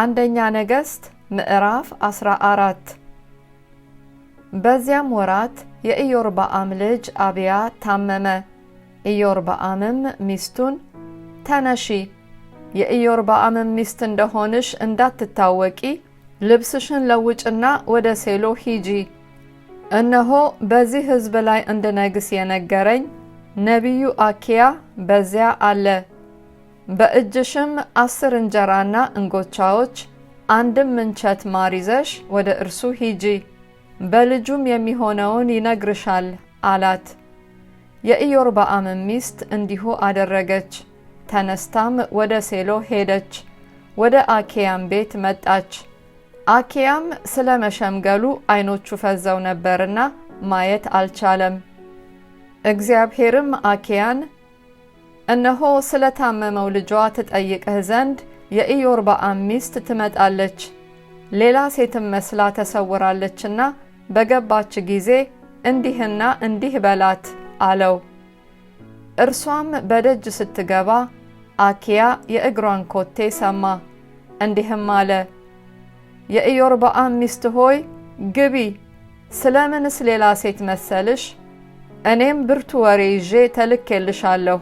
አንደኛ ነገሥት ምዕራፍ 14 በዚያም ወራት የኢዮርባአም ልጅ አብያ ታመመ። ኢዮርባአምም ሚስቱን ተነሺ፣ የኢዮርብዓምም ሚስት እንደሆንሽ እንዳትታወቂ ልብስሽን ለውጭና ወደ ሴሎ ሂጂ። እነሆ በዚህ ሕዝብ ላይ እንድነግስ የነገረኝ ነቢዩ አኪያ በዚያ አለ በእጅሽም አስር እንጀራና እንጎቻዎች አንድም እንቸት ማር ይዘሽ ወደ እርሱ ሂጂ፣ በልጁም የሚሆነውን ይነግርሻል አላት። የኢዮርብዓም ሚስት እንዲሁ አደረገች። ተነስታም ወደ ሴሎ ሄደች፣ ወደ አኬያም ቤት መጣች። አኬያም ስለ መሸምገሉ ዓይኖቹ ፈዘው ነበርና ማየት አልቻለም። እግዚአብሔርም አኬያን እነሆ ስለታመመው ልጇ ትጠይቅህ ዘንድ የኢዮርብዓም ሚስት ትመጣለች፣ ሌላ ሴትም መስላ ተሰውራለችና በገባች ጊዜ እንዲህና እንዲህ በላት አለው። እርሷም በደጅ ስትገባ አኪያ የእግሯን ኮቴ ሰማ፣ እንዲህም አለ የኢዮርብዓም ሚስት ሆይ ግቢ፣ ስለምንስ ሌላ ሴት መሰልሽ? እኔም ብርቱ ወሬ ይዤ ተልኬልሻለሁ።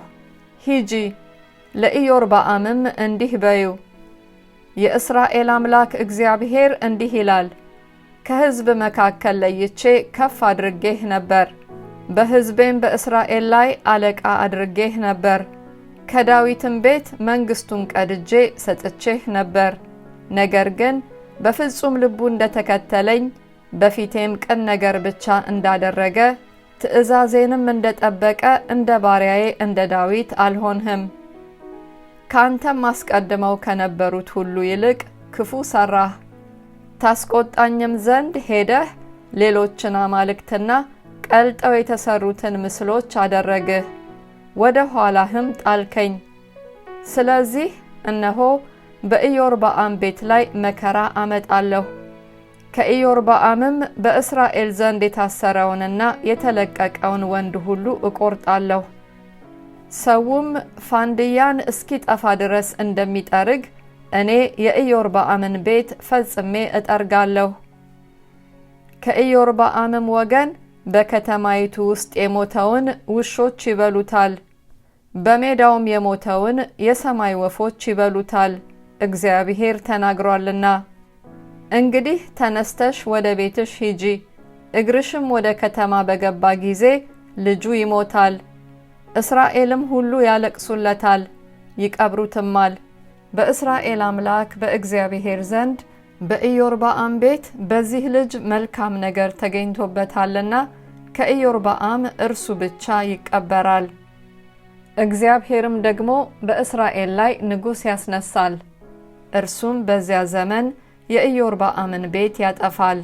ሂጂ ለኢዮርብዓምም እንዲህ በዩ የእስራኤል አምላክ እግዚአብሔር እንዲህ ይላል ከሕዝብ መካከል ለይቼ ከፍ አድርጌህ ነበር፣ በሕዝቤም በእስራኤል ላይ አለቃ አድርጌህ ነበር። ከዳዊትም ቤት መንግሥቱን ቀድጄ ሰጥቼህ ነበር። ነገር ግን በፍጹም ልቡ እንደተከተለኝ በፊቴም ቅን ነገር ብቻ እንዳደረገ ትእዛዜንም እንደጠበቀ እንደ ባሪያዬ እንደ ዳዊት አልሆንህም። ካንተም አስቀድመው ከነበሩት ሁሉ ይልቅ ክፉ ሰራህ። ታስቆጣኝም ዘንድ ሄደህ ሌሎችን አማልክትና ቀልጠው የተሰሩትን ምስሎች አደረግህ፣ ወደ ኋላህም ጣልከኝ። ስለዚህ እነሆ በኢዮርባአም ቤት ላይ መከራ አመጣለሁ ከኢዮርብዓምም በእስራኤል ዘንድ የታሰረውንና የተለቀቀውን ወንድ ሁሉ እቆርጣለሁ። ሰውም ፋንድያን እስኪጠፋ ድረስ እንደሚጠርግ እኔ የኢዮርብዓምን ቤት ፈጽሜ እጠርጋለሁ። ከኢዮርብዓምም ወገን በከተማይቱ ውስጥ የሞተውን ውሾች ይበሉታል፣ በሜዳውም የሞተውን የሰማይ ወፎች ይበሉታል፣ እግዚአብሔር ተናግሯልና። እንግዲህ ተነስተሽ ወደ ቤትሽ ሂጂ፣ እግርሽም ወደ ከተማ በገባ ጊዜ ልጁ ይሞታል፣ እስራኤልም ሁሉ ያለቅሱለታል፣ ይቀብሩትማል። በእስራኤል አምላክ በእግዚአብሔር ዘንድ በኢዮርባአም ቤት በዚህ ልጅ መልካም ነገር ተገኝቶበታልና ከኢዮርባአም እርሱ ብቻ ይቀበራል። እግዚአብሔርም ደግሞ በእስራኤል ላይ ንጉሥ ያስነሳል። እርሱም በዚያ ዘመን የኢዮርብዓምን ቤት ያጠፋል።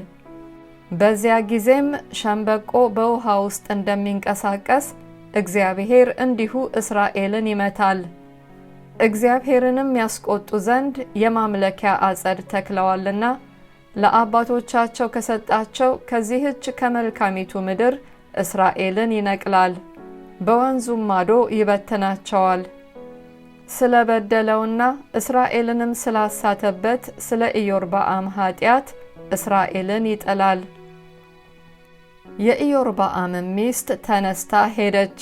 በዚያ ጊዜም ሸምበቆ በውሃ ውስጥ እንደሚንቀሳቀስ እግዚአብሔር እንዲሁ እስራኤልን ይመታል። እግዚአብሔርንም ያስቆጡ ዘንድ የማምለኪያ አጸድ ተክለዋልና ለአባቶቻቸው ከሰጣቸው ከዚህች ከመልካሚቱ ምድር እስራኤልን ይነቅላል፣ በወንዙም ማዶ ይበትናቸዋል። ስለበደለውና እስራኤልንም ስላሳተበት ስለ ኢዮርባአም ኃጢአት እስራኤልን ይጥላል። የኢዮርብዓምም ሚስት ተነስታ ሄደች፣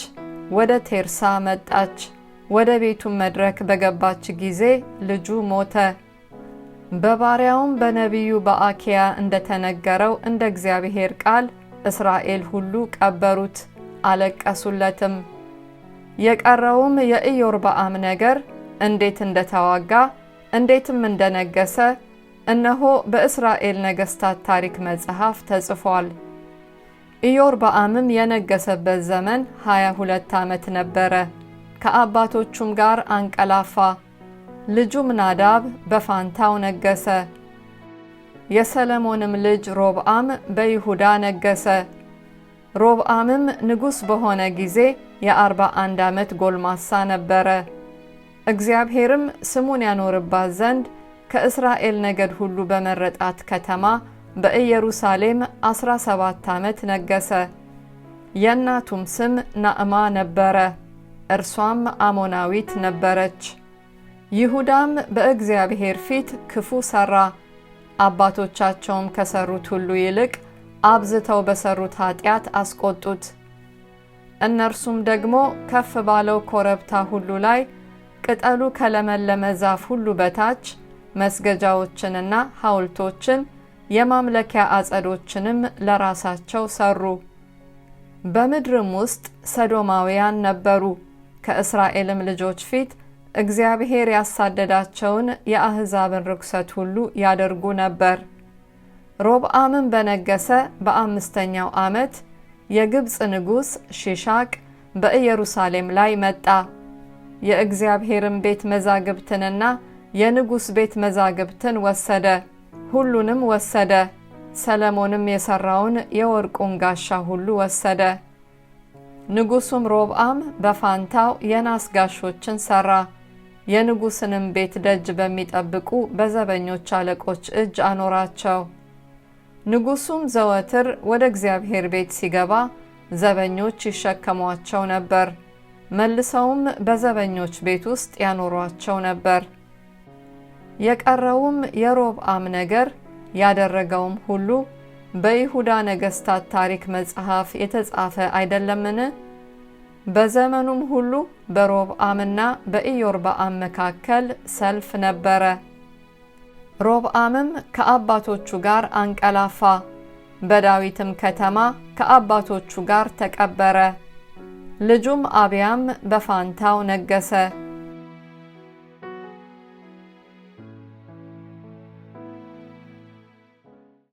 ወደ ቴርሳ መጣች። ወደ ቤቱም መድረክ በገባች ጊዜ ልጁ ሞተ። በባሪያውም በነቢዩ በአኪያ እንደተነገረው እንደ እግዚአብሔር ቃል እስራኤል ሁሉ ቀበሩት፣ አለቀሱለትም። የቀረውም የኢዮርብዓም ነገር እንዴት እንደተዋጋ እንዴትም እንደነገሰ እነሆ በእስራኤል ነገሥታት ታሪክ መጽሐፍ ተጽፏል። ኢዮርብዓምም የነገሰበት ዘመን 22 ዓመት ነበረ። ከአባቶቹም ጋር አንቀላፋ። ልጁም ናዳብ በፋንታው ነገሰ። የሰለሞንም ልጅ ሮብዓም በይሁዳ ነገሰ። ሮብዓምም ንጉሥ በሆነ ጊዜ የአርባ አንድ ዓመት ጎልማሳ ነበረ። እግዚአብሔርም ስሙን ያኖርባት ዘንድ ከእስራኤል ነገድ ሁሉ በመረጣት ከተማ በኢየሩሳሌም 17 ዓመት ነገሰ። የእናቱም ስም ናዕማ ነበረ፣ እርሷም አሞናዊት ነበረች። ይሁዳም በእግዚአብሔር ፊት ክፉ ሠራ፣ አባቶቻቸውም ከሠሩት ሁሉ ይልቅ አብዝተው በሰሩት ኃጢአት አስቆጡት። እነርሱም ደግሞ ከፍ ባለው ኮረብታ ሁሉ ላይ ቅጠሉ ከለመለመ ዛፍ ሁሉ በታች መስገጃዎችንና ሐውልቶችን የማምለኪያ አጸዶችንም ለራሳቸው ሰሩ። በምድርም ውስጥ ሰዶማውያን ነበሩ። ከእስራኤልም ልጆች ፊት እግዚአብሔር ያሳደዳቸውን የአሕዛብን ርኩሰት ሁሉ ያደርጉ ነበር። ሮብአምን በነገሰ በአምስተኛው ዓመት የግብፅ ንጉሥ ሺሻቅ በኢየሩሳሌም ላይ መጣ። የእግዚአብሔርን ቤት መዛግብትንና የንጉሥ ቤት መዛግብትን ወሰደ፣ ሁሉንም ወሰደ። ሰለሞንም የሠራውን የወርቁን ጋሻ ሁሉ ወሰደ። ንጉሡም ሮብአም በፋንታው የናስ ጋሾችን ሠራ፣ የንጉሥንም ቤት ደጅ በሚጠብቁ በዘበኞች አለቆች እጅ አኖራቸው። ንጉሱም ዘወትር ወደ እግዚአብሔር ቤት ሲገባ ዘበኞች ይሸከሟቸው ነበር። መልሰውም በዘበኞች ቤት ውስጥ ያኖሯቸው ነበር። የቀረውም የሮብዓም ነገር ያደረገውም ሁሉ በይሁዳ ነገሥታት ታሪክ መጽሐፍ የተጻፈ አይደለምን? በዘመኑም ሁሉ በሮብዓምና በኢዮርብዓም መካከል ሰልፍ ነበረ። ሮብአምም ከአባቶቹ ጋር አንቀላፋ፣ በዳዊትም ከተማ ከአባቶቹ ጋር ተቀበረ። ልጁም አብያም በፋንታው ነገሰ።